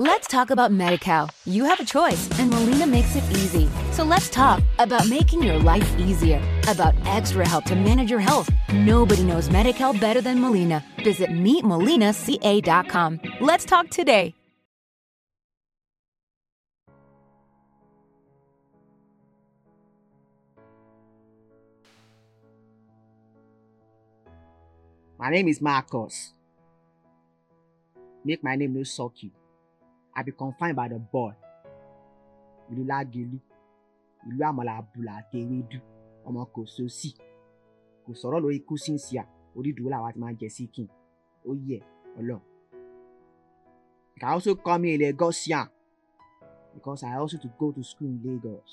Let's talk about MediCal. You have a choice, and Molina makes it easy. So let's talk about making your life easier, about extra help to manage your health. Nobody knows MediCal better than Molina. Visit meetmolinaca.com. Let's talk today. My name is Marcos. Make my name no shock you. I be confined by the boy. Ìlú Lágelú, ìlú àmàlà àbùlà àti ewédú, ọmọ kò sósì. Kò sọ̀rọ̀ lórí ikú sínsì à, orí ìdúró làwa ti máa ń jẹ síkìn. Ó yẹ Ọlọ́run. You can also call me a Lagosian because I also to go to school in Lagos.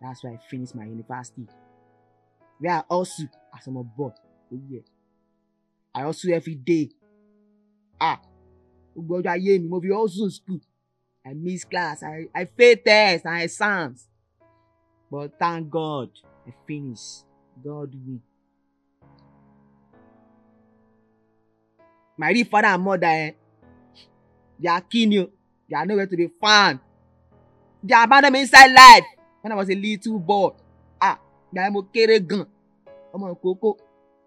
That's why I finish my university. Where I also, as I'm a boy, oh yeah, I also every day. Ah, gbogbo ọjọ́ ayé mi mo fi hustle school i miss class i i fail test. and exams but thank god i finish god win. my real father and mother eh, they are you they are nowhere to be found they abandon me inside life when i was a little boy ah ìgbà yẹn mo kéré gan ọmọ ìkókó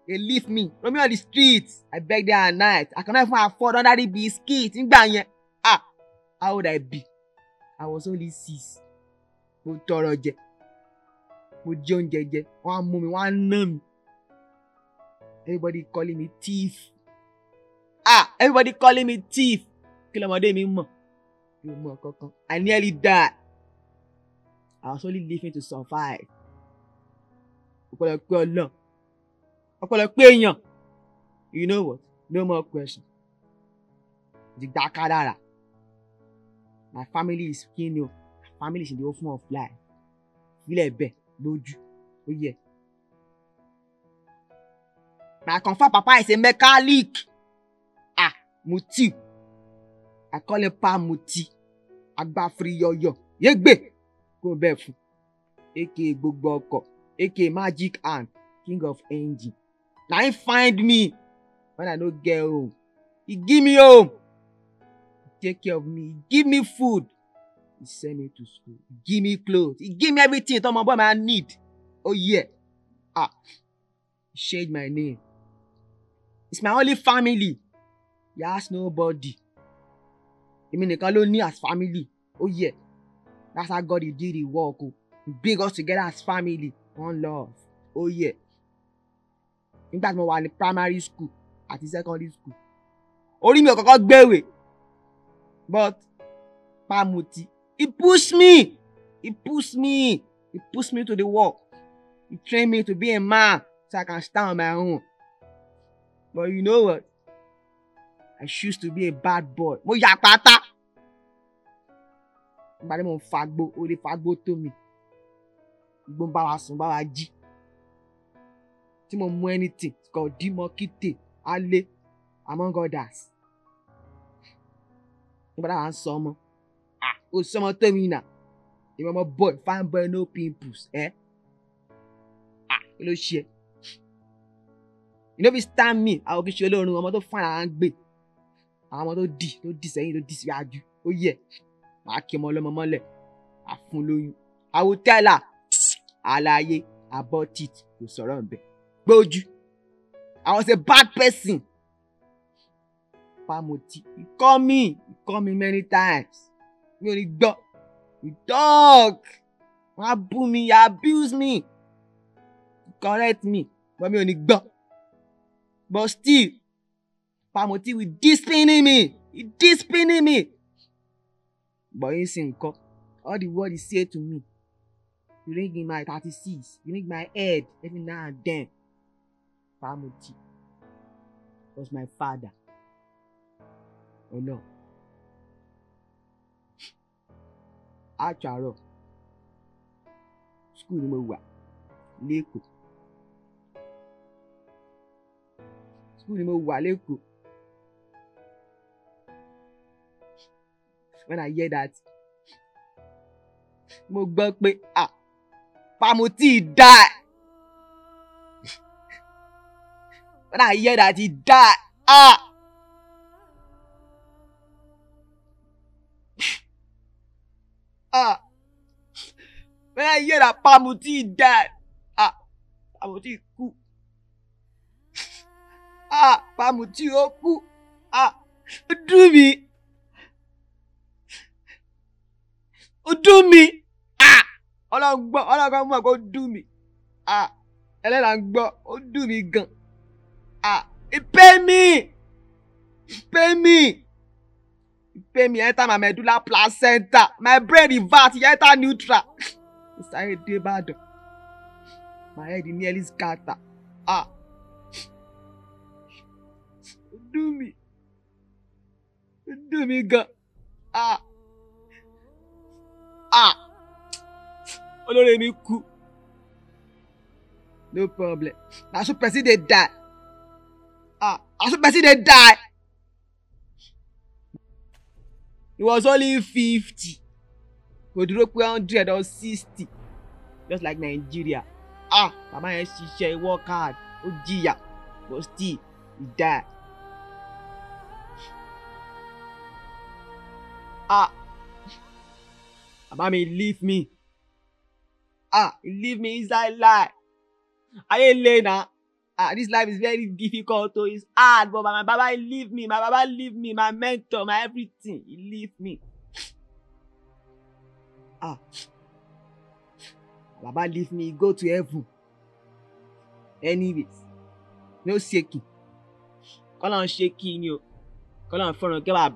they leave me throw me on the street i beg them at night i cannot even afford ordinary biscuit nígbà yẹn ah how old i be i was only six mo tọrọ jẹ mo jẹ oúnjẹ jẹ wọn á mú mi wọn á ná mi everybody calling me thief ah everybody calling me thief kí lọmọdé mi mọ̀ mi ò mọ̀ kankan i nearly die i was only living to survive ọpọlọpẹ Ọlọ́run ọ̀pọ̀lọpọ̀ èèyàn you know what no more questions. dìgbà kádàrà my family is kini o my family is in the open of life ìfilẹ̀ bẹ̀ lójú ó yẹ. my confam papa is a mechanic ah muti i call him pa muti agbáfiri yọyọ yégbè kó bẹ́ẹ̀ fún aka gbogbo ọkọ̀ aka magic hand king of engine na him find me when i no get home he give me home he take care of me he give me food he send me to school he give me cloth he give me everything my boy my need oh yeah ah he change my name it's my only family he ask nobody èmi nìkan ló ní as family oh yeah that's how God he did the work o he bring us together as family one love oh yeah nígbà tí mo wà ní primary school àti secondary school orí mi ò kọ́kọ́ gbèrè but pàmùtí he pushed me he pushed me he pushed me to the wall he trained me to be a man so I can stand on my own but you know what I choose to be a bad boy mo yà pátá ìgbà tí mo ń fagbó orí fagbó tó mi ìgbó ń bá wa sùn bá wa jí tí mo mú anything gọdímọkítè alẹ among others nígbà táwọn sọ ọmọ ó sọ ọmọ tẹ́mi nà ìwọ ọmọ boy fine boy no pimples ẹ eh? kí ló ṣe you no be stand me àwọn kìí ṣe olórin ọmọ tó fara ń gbè àwọn ọmọ tó dì tó dì sẹ́yìn tó dì síwájú ó yẹ màá kí ọmọ ọlọ́mọ mọ́lẹ̀ àfun lóyún I will tell her àlàyé about it kò sọ̀rọ̀ ǹbẹ̀ pé ojú I was a bad person pamoti he call me he call me many times mi ò ní gbọ́ he talk wọ́n á bú mi he abuse me he correct me but mi ò ní gbọ́ but still pamoti he discipline me he discipline me but he sin nkan all the word he say to me he ring in my thirty-six he ring my head every now and then Pamuti was my father Oh no! Acharo, school mo wà leko. School ni mo leko. when I hear that mo gbọ́ pé ah Pamuti died. When I hear that he died, ah. ah. When I hear that Pamuti died, ah, Pamuti kú. Ah, Pamuti ó Ah, ó dùn mí. ó dùn mí ah, ọlọ́run gbọ́ ọlọ́run kan mọ̀ pé ah, gbọ́ ó dùn gan-an. Ah, he pay me. He pay me. pay me enter my medulla placenta. My brain revert. He enter neutral. Sáré dé Ìbàdàn. My head nearly scatter. Ah. Do me. Do me gan. Ah. Ah. Olórí mi kú. No problem. Na so person dey die. Ah, as a person dey die. It was only fifty. Kò dúró pé hundred or sixty just like Nigeria. Ah, bàbá yẹn ṣiṣẹ́ he work hard ó jìyà but still he die. Ah, bàbá mi leave me. Ah, he leave me inside lie. Ayé le na ah this life is very difficult o oh, it's hard but my baba leave me my baba leave me my mentor my everything he leave me ah baba leave me he go to heaven anyways no shaking. Call ń shaking ni Call kọ́lá ń fọ́ràn kí wàá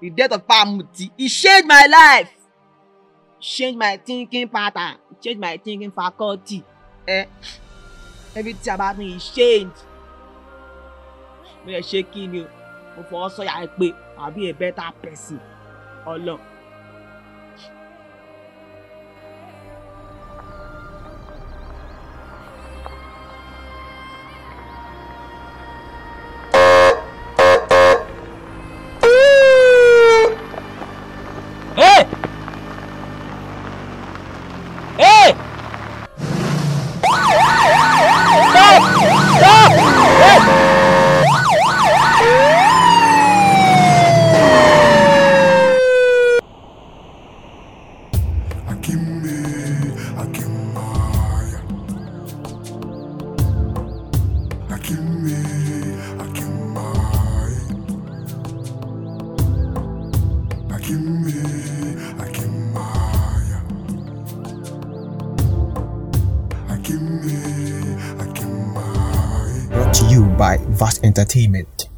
the death of Pamuti he changed my life change my thinking pattern change my thinking faculty ẹ ẹbí tí a bá ní exchange mo yẹ ṣe kí ni o mo fọwọ́ sọ̀yà ẹ pé àbí a better person ọlọ́ọ̀. Vast Entertainment.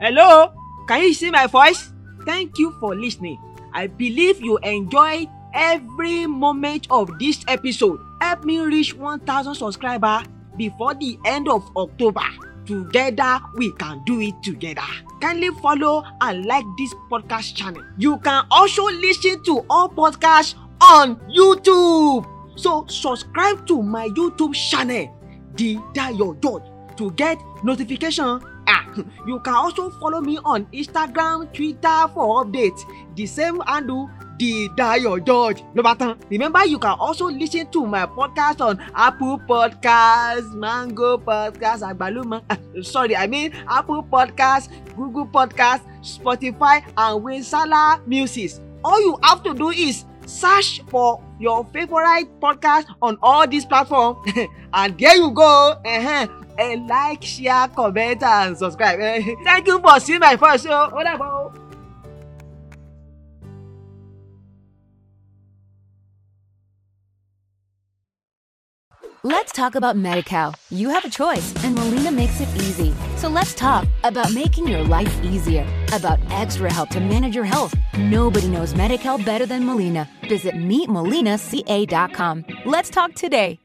Hello, can you see my voice? Thank you for listening. I believe you enjoyed every moment of this episode. Help me reach 1000 subscribers before the end of October. Together, we can do it together. Kindly follow and like this podcast channel. You can also listen to all podcasts on YouTube. So, subscribe to my YouTube channel, The Dayo George. to get notification. Ah, you can also follow me on Instagram, Twitter for updates. The same handle The Dayo George no bá Remember you can also listen to my podcast on Apple Podcasts, Mango Podcasts, Agbaluma. Ah, sorry, I mean Apple Podcasts, Google Podcasts, Spotify and Winsala Music. All you have to do is search for your favorite podcast on all these platforms and there you go. Uh-huh. and like, share, comment, and subscribe. Eh, thank you for seeing my first show. Wonderful. Let's talk about MediCal. You have a choice, and Molina makes it easy. So let's talk about making your life easier, about extra help to manage your health. Nobody knows MediCal better than Molina. Visit meetmolinaca.com. Let's talk today.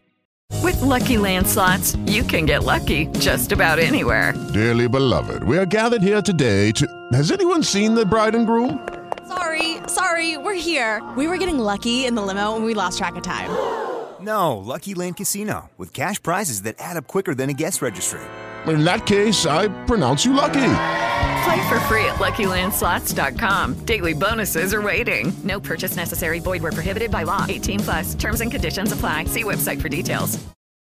With Lucky Land slots, you can get lucky just about anywhere. Dearly beloved, we are gathered here today to. Has anyone seen the bride and groom? Sorry, sorry, we're here. We were getting lucky in the limo and we lost track of time. No, Lucky Land Casino, with cash prizes that add up quicker than a guest registry. In that case, I pronounce you lucky. Play for free at LuckyLandSlots.com. Daily bonuses are waiting. No purchase necessary. Void were prohibited by law. 18 plus. Terms and conditions apply. See website for details.